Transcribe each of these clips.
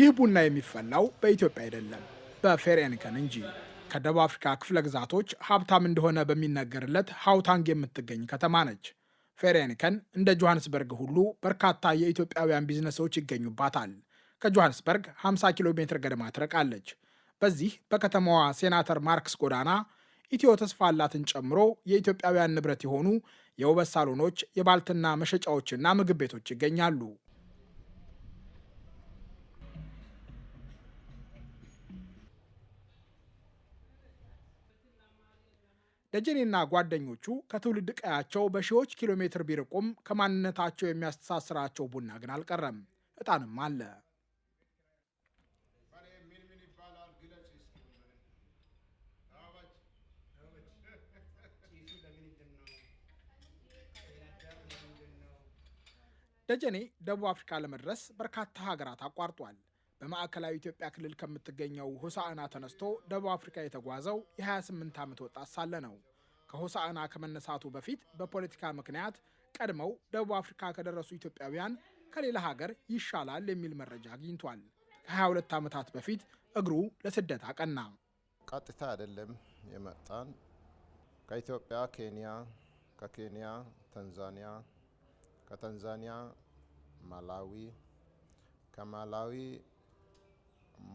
ይህ ቡና የሚፈላው በኢትዮጵያ አይደለም፣ በፌሬንከን እንጂ። ከደቡብ አፍሪካ ክፍለ ግዛቶች ሀብታም እንደሆነ በሚነገርለት ሀውታንግ የምትገኝ ከተማ ነች። ፌሬንከን እንደ ጆሃንስበርግ ሁሉ በርካታ የኢትዮጵያውያን ቢዝነሶች ይገኙባታል። ከጆሃንስበርግ 50 ኪሎ ሜትር ገደማ ትርቃለች። በዚህ በከተማዋ ሴናተር ማርክስ ጎዳና ኢትዮ ተስፋ አላትን ጨምሮ የኢትዮጵያውያን ንብረት የሆኑ የውበት ሳሎኖች፣ የባልትና መሸጫዎችና ምግብ ቤቶች ይገኛሉ። ደጀኔና ጓደኞቹ ከትውልድ ቀያቸው በሺዎች ኪሎ ሜትር ቢርቁም ከማንነታቸው የሚያስተሳስራቸው ቡና ግን አልቀረም፣ እጣንም አለ። ደጀኔ ደቡብ አፍሪካ ለመድረስ በርካታ ሀገራት አቋርጧል። በማዕከላዊ ኢትዮጵያ ክልል ከምትገኘው ሆሳዕና ተነስቶ ደቡብ አፍሪካ የተጓዘው የ28 ዓመት ወጣት ሳለ ነው። ከሆሳዕና ከመነሳቱ በፊት በፖለቲካ ምክንያት ቀድመው ደቡብ አፍሪካ ከደረሱ ኢትዮጵያውያን ከሌላ ሀገር ይሻላል የሚል መረጃ አግኝቷል። ከ22 ዓመታት በፊት እግሩ ለስደት አቀና። ቀጥታ አይደለም የመጣን ከኢትዮጵያ ኬንያ፣ ከኬንያ ታንዛኒያ፣ ከታንዛኒያ ማላዊ፣ ከማላዊ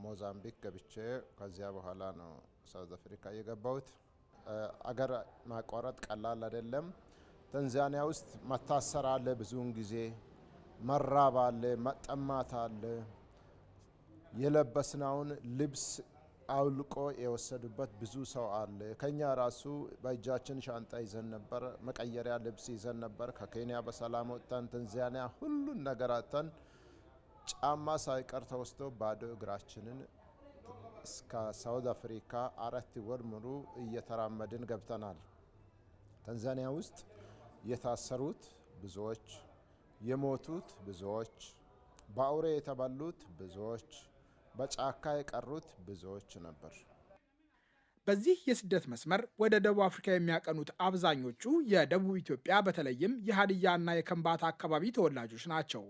ሞዛምቢክ ገብቼ ከዚያ በኋላ ነው ሳውዝ አፍሪካ የገባሁት። አገር ማቋረጥ ቀላል አይደለም። ታንዛኒያ ውስጥ መታሰር አለ፣ ብዙውን ጊዜ መራብ አለ፣ መጠማት አለ። የለበስናውን ልብስ አውልቆ የወሰዱበት ብዙ ሰው አለ። ከኛ ራሱ በእጃችን ሻንጣ ይዘን ነበር፣ መቀየሪያ ልብስ ይዘን ነበር። ከኬንያ በሰላም ወጥተን ታንዛኒያ ሁሉን ነገር አጥተን ጫማ ሳይቀር ተወስቶ ባዶ እግራችንን እስከ ሳውዝ አፍሪካ አራት ወር ሙሉ እየተራመድን ገብተናል። ታንዛኒያ ውስጥ የታሰሩት ብዙዎች፣ የሞቱት ብዙዎች፣ በአውሬ የተባሉት ብዙዎች፣ በጫካ የቀሩት ብዙዎች ነበር። በዚህ የስደት መስመር ወደ ደቡብ አፍሪካ የሚያቀኑት አብዛኞቹ የደቡብ ኢትዮጵያ በተለይም የሀዲያና የከምባታ አካባቢ ተወላጆች ናቸው።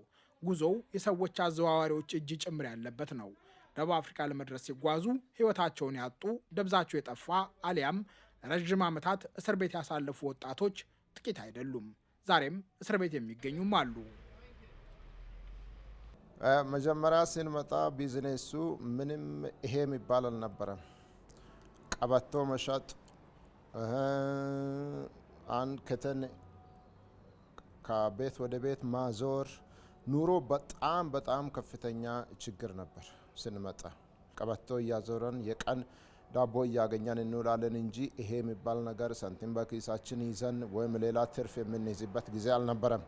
ጉዞው የሰዎች አዘዋዋሪዎች እጅ ጭምር ያለበት ነው። ደቡብ አፍሪካ ለመድረስ ሲጓዙ ሕይወታቸውን ያጡ፣ ደብዛቸው የጠፋ አሊያም ረዥም ዓመታት እስር ቤት ያሳለፉ ወጣቶች ጥቂት አይደሉም። ዛሬም እስር ቤት የሚገኙም አሉ። መጀመሪያ ስንመጣ ቢዝነሱ ምንም ይሄ የሚባል አልነበረም። ቀበቶ መሸጥ አንድ ከተን ከቤት ወደ ቤት ማዞር ኑሮ በጣም በጣም ከፍተኛ ችግር ነበር። ስንመጣ ቀበቶ እያዞረን የቀን ዳቦ እያገኘን እንውላለን እንጂ ይሄ የሚባል ነገር ሳንቲም በኪሳችን ይዘን ወይም ሌላ ትርፍ የምንይዝበት ጊዜ አልነበረም።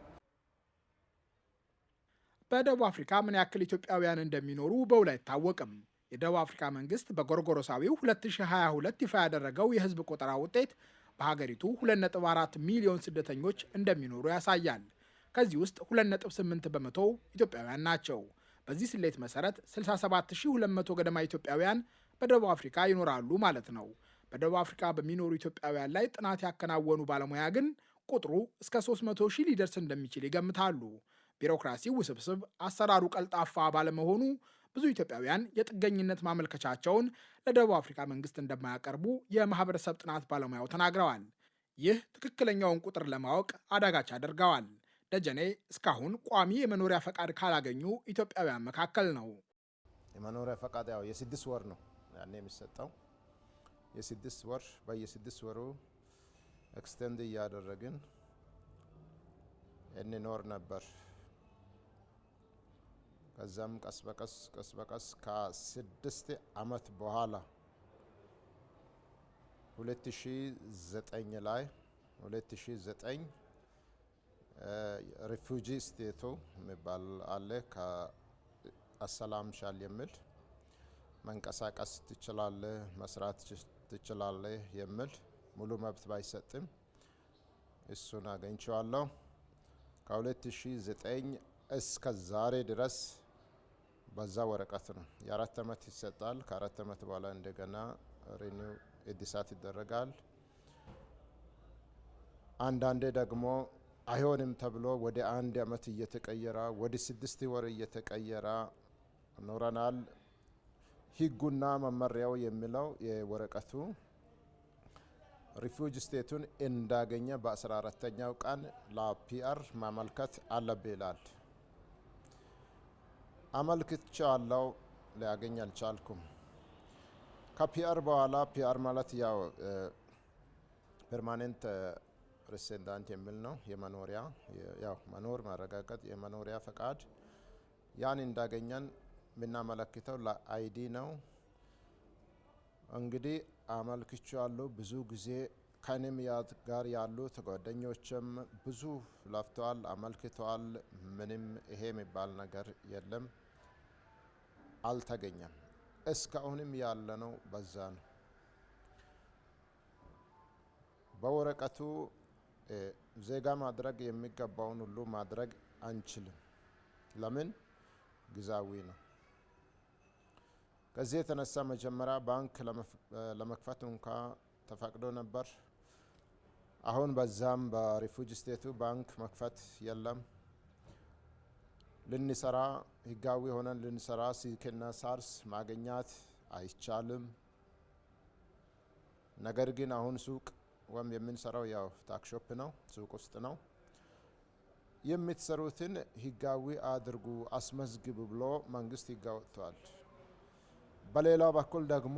በደቡብ አፍሪካ ምን ያክል ኢትዮጵያውያን እንደሚኖሩ በውል አይታወቅም። የደቡብ አፍሪካ መንግስት በጎርጎሮሳዊው 2022 ይፋ ያደረገው የህዝብ ቆጠራ ውጤት በሀገሪቱ 2.4 ሚሊዮን ስደተኞች እንደሚኖሩ ያሳያል። ከዚህ ውስጥ 2.8 በመቶ ኢትዮጵያውያን ናቸው። በዚህ ስሌት መሰረት 67200 ገደማ ኢትዮጵያውያን በደቡብ አፍሪካ ይኖራሉ ማለት ነው። በደቡብ አፍሪካ በሚኖሩ ኢትዮጵያውያን ላይ ጥናት ያከናወኑ ባለሙያ ግን ቁጥሩ እስከ 300 ሺህ ሊደርስ እንደሚችል ይገምታሉ። ቢሮክራሲ ውስብስብ፣ አሰራሩ ቀልጣፋ ባለመሆኑ ብዙ ኢትዮጵያውያን የጥገኝነት ማመልከቻቸውን ለደቡብ አፍሪካ መንግስት እንደማያቀርቡ የማህበረሰብ ጥናት ባለሙያው ተናግረዋል። ይህ ትክክለኛውን ቁጥር ለማወቅ አዳጋች ያደርገዋል። ደጀኔ እስካሁን ቋሚ የመኖሪያ ፈቃድ ካላገኙ ኢትዮጵያውያን መካከል ነው። የመኖሪያ ፈቃድ ያው የስድስት ወር ነው ያኔ የሚሰጠው የስድስት ወር በየስድስት ወሩ ኤክስቴንድ እያደረግን እንኖር ነበር። ከዛም ቀስ በቀስ ቀስ በቀስ ከስድስት አመት በኋላ 2009 ላይ 2009 ሪፉጂ ስቴቱ የሚባል አለ። ከአሰላም ሻል የሚል መንቀሳቀስ ትችላለህ፣ መስራት ትችላለህ የሚል ሙሉ መብት ባይሰጥም እሱን አገኝቸዋለሁ። ከ2009 እስከ ዛሬ ድረስ በዛ ወረቀት ነው። የአራት ዓመት ይሰጣል። ከአራት ዓመት በኋላ እንደገና ሪኒው እድሳት ይደረጋል። አንዳንዴ ደግሞ አይሆንም ተብሎ ወደ አንድ አመት እየተቀየረ ወደ ስድስት ወር እየተቀየረ ኖረናል። ህጉና መመሪያው የሚለው የወረቀቱ ሪፉጅ ስቴቱን እንዳገኘ በ14ተኛው ቀን ለፒአር ማመልከት አለብ ይላል። አመልክቻለሁ፣ ሊያገኝ አልቻልኩም። ከፒአር በኋላ ፒአር ማለት ያው ፐርማኔንት ፐርሰንት የሚል ነው። የመኖሪያ ያው መኖር ማረጋገጥ የመኖሪያ ፈቃድ ያን እንዳገኘን የምናመለክተው ለአይዲ ነው። እንግዲህ አመልክቻለሁ። ብዙ ጊዜ ከኔም ጋር ያሉ ጓደኞችም ብዙ ለፍተዋል፣ አመልክተዋል። ምንም ይሄ የሚባል ነገር የለም፣ አልተገኘም። እስካሁንም ያለነው በዛ ነው በወረቀቱ ዜጋ ማድረግ የሚገባውን ሁሉ ማድረግ አንችልም። ለምን? ጊዜያዊ ነው። ከዚህ የተነሳ መጀመሪያ ባንክ ለመክፈት እንኳ ተፈቅዶ ነበር። አሁን በዛም በሪፉጅ ስቴቱ ባንክ መክፈት የለም። ልንሰራ ህጋዊ ሆነን ልንሰራ ሲክና ሳርስ ማግኛት አይቻልም። ነገር ግን አሁን ሱቅ ወይም የምንሰራው ያው ታክሾፕ ነው፣ ሱቅ ውስጥ ነው። የምትሰሩትን ህጋዊ አድርጉ አስመዝግብ ብሎ መንግስት ህግ አወጥቷል። በሌላው በኩል ደግሞ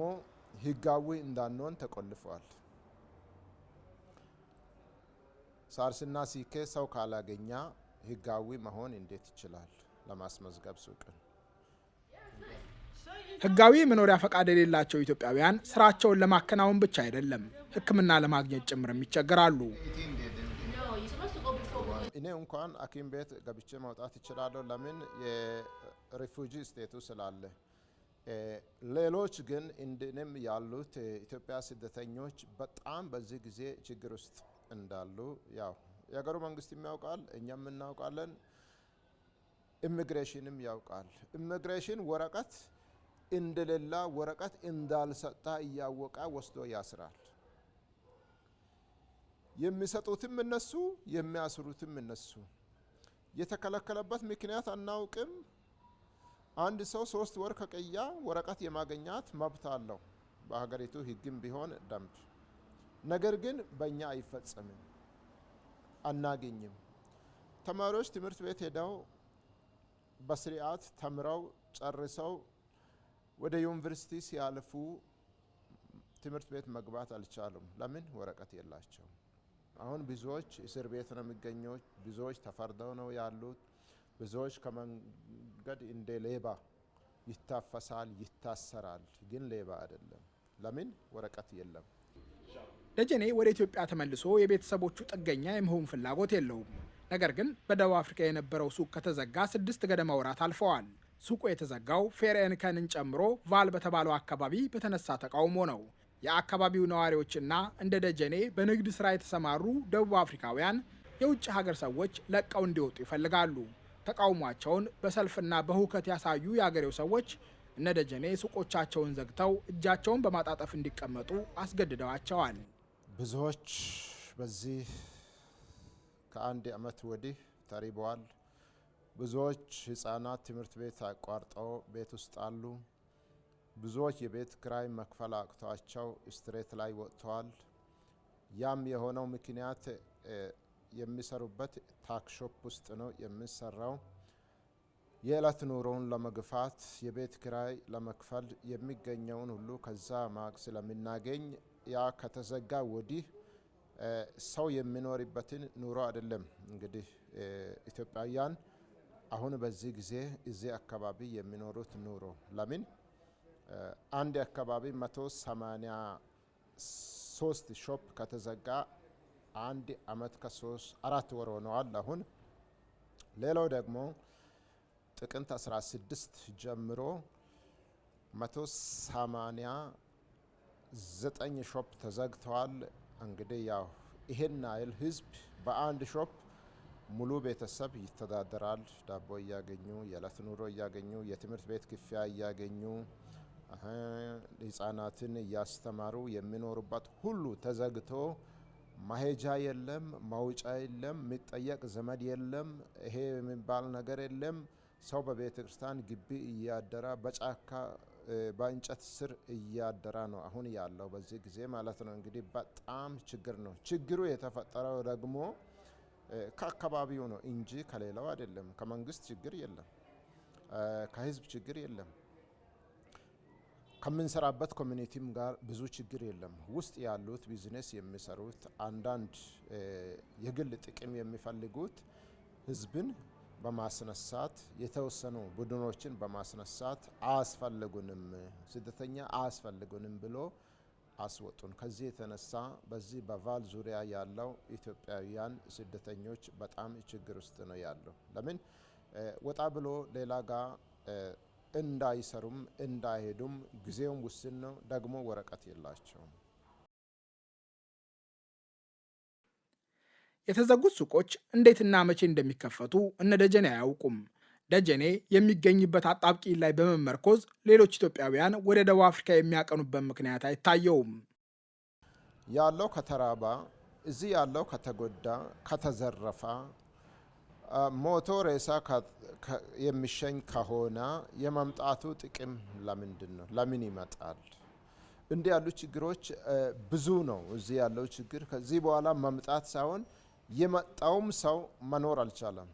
ህጋዊ እንዳንሆን ተቆልፏል። ሳርስና ሲኬ ሰው ካላገኛ ህጋዊ መሆን እንዴት ይችላል ለማስመዝገብ ሱቅን? ህጋዊ መኖሪያ ፈቃድ የሌላቸው ኢትዮጵያውያን ስራቸውን ለማከናወን ብቻ አይደለም ሕክምና ለማግኘት ጭምርም ይቸገራሉ። እኔ እንኳን ሐኪም ቤት ገብቼ መውጣት ይችላለሁ። ለምን የሪፉጂ ስቴቱ ስላለ። ሌሎች ግን እንድንም ያሉት ኢትዮጵያ ስደተኞች በጣም በዚህ ጊዜ ችግር ውስጥ እንዳሉ ያው የሀገሩ መንግስት የሚያውቃል፣ እኛም እናውቃለን፣ ኢሚግሬሽንም ያውቃል። ኢሚግሬሽን ወረቀት እንደሌላ ወረቀት እንዳልሰጣ እያወቀ ወስዶ ያስራል። የሚሰጡትም እነሱ የሚያስሩትም እነሱ። የተከለከለበት ምክንያት አናውቅም። አንድ ሰው ሶስት ወር ከቀያ ወረቀት የማገኛት መብት አለው በሀገሪቱ ህግም ቢሆን ደንብ። ነገር ግን በእኛ አይፈጸምም፣ አናገኝም። ተማሪዎች ትምህርት ቤት ሄደው በስርዓት ተምረው ጨርሰው ወደ ዩኒቨርሲቲ ሲያልፉ ትምህርት ቤት መግባት አልቻሉም። ለምን? ወረቀት የላቸው። አሁን ብዙዎች እስር ቤት ነው የሚገኘው። ብዙዎች ተፈርደው ነው ያሉት። ብዙዎች ከመንገድ እንደ ሌባ ይታፈሳል፣ ይታሰራል። ግን ሌባ አይደለም። ለምን? ወረቀት የለም። ደጀኔ ወደ ኢትዮጵያ ተመልሶ የቤተሰቦቹ ጥገኛ የመሆን ፍላጎት የለውም። ነገር ግን በደቡብ አፍሪካ የነበረው ሱቅ ከተዘጋ ስድስት ገደማ ወራት አልፈዋል። ሱቁ የተዘጋው ፌርኤንከንን ጨምሮ ቫል በተባለው አካባቢ በተነሳ ተቃውሞ ነው። የአካባቢው ነዋሪዎችና እንደ ደጀኔ በንግድ ሥራ የተሰማሩ ደቡብ አፍሪካውያን የውጭ ሀገር ሰዎች ለቀው እንዲወጡ ይፈልጋሉ። ተቃውሟቸውን በሰልፍና በሁከት ያሳዩ የአገሬው ሰዎች እነ ደጀኔ ሱቆቻቸውን ዘግተው እጃቸውን በማጣጠፍ እንዲቀመጡ አስገድደዋቸዋል። ብዙዎች በዚህ ከአንድ ዓመት ወዲህ ተሪበዋል። ብዙዎች ህጻናት ትምህርት ቤት አቋርጠው ቤት ውስጥ አሉ። ብዙዎች የቤት ክራይ መክፈል አቅቷቸው ስትሬት ላይ ወጥተዋል። ያም የሆነው ምክንያት የሚሰሩበት ታክሾፕ ውስጥ ነው የሚሰራው። የዕለት ኑሮውን ለመግፋት የቤት ክራይ ለመክፈል የሚገኘውን ሁሉ ከዛ ማቅ ስለምናገኝ ያ ከተዘጋ ወዲህ ሰው የሚኖርበትን ኑሮ አይደለም እንግዲህ ኢትዮጵያውያን አሁን በዚህ ጊዜ እዚህ አካባቢ የሚኖሩት ኑሮ ለምን አንድ አካባቢ መቶ ሰማኒያ ሶስት ሾፕ ከተዘጋ አንድ አመት ከሶስት አራት ወር ሆነዋል። አሁን ሌላው ደግሞ ጥቅምት 16 ጀምሮ 189 ሾፕ ተዘግተዋል። እንግዲህ ያው ይሄን ያህል ህዝብ በአንድ ሾፕ ሙሉ ቤተሰብ ይተዳደራል። ዳቦ እያገኙ የዕለት ኑሮ እያገኙ የትምህርት ቤት ክፍያ እያገኙ ህጻናትን እያስተማሩ የሚኖሩበት ሁሉ ተዘግቶ ማሄጃ የለም፣ ማውጫ የለም፣ የሚጠየቅ ዘመድ የለም፣ ይሄ የሚባል ነገር የለም። ሰው በቤተ ክርስቲያን ግቢ እያደራ በጫካ በእንጨት ስር እያደራ ነው አሁን ያለው በዚህ ጊዜ ማለት ነው። እንግዲህ በጣም ችግር ነው። ችግሩ የተፈጠረው ደግሞ ከአካባቢው ነው እንጂ ከሌላው አይደለም። ከመንግስት ችግር የለም፣ ከህዝብ ችግር የለም፣ ከምንሰራበት ኮሚኒቲም ጋር ብዙ ችግር የለም። ውስጥ ያሉት ቢዝነስ የሚሰሩት አንዳንድ የግል ጥቅም የሚፈልጉት ህዝብን በማስነሳት የተወሰኑ ቡድኖችን በማስነሳት አያስፈልጉንም፣ ስደተኛ አያስፈልጉንም ብሎ አስወጡን። ከዚህ የተነሳ በዚህ በቫል ዙሪያ ያለው ኢትዮጵያውያን ስደተኞች በጣም ችግር ውስጥ ነው ያለው። ለምን ወጣ ብሎ ሌላ ጋር እንዳይሰሩም እንዳይሄዱም፣ ጊዜውም ውስን ነው፣ ደግሞ ወረቀት የላቸውም። የተዘጉት ሱቆች እንዴትና መቼ እንደሚከፈቱ እነ ደጀኔ አያውቁም። ደጀኔ የሚገኝበት አጣብቂ ላይ በመመርኮዝ ሌሎች ኢትዮጵያውያን ወደ ደቡብ አፍሪካ የሚያቀኑበት ምክንያት አይታየውም። ያለው ከተራባ፣ እዚህ ያለው ከተጎዳ፣ ከተዘረፋ፣ ሞቶ ሬሳ የሚሸኝ ከሆነ የመምጣቱ ጥቅም ለምንድን ነው? ለምን ይመጣል? እንዲህ ያሉ ችግሮች ብዙ ነው። እዚህ ያለው ችግር ከዚህ በኋላ መምጣት ሳይሆን የመጣውም ሰው መኖር አልቻለም።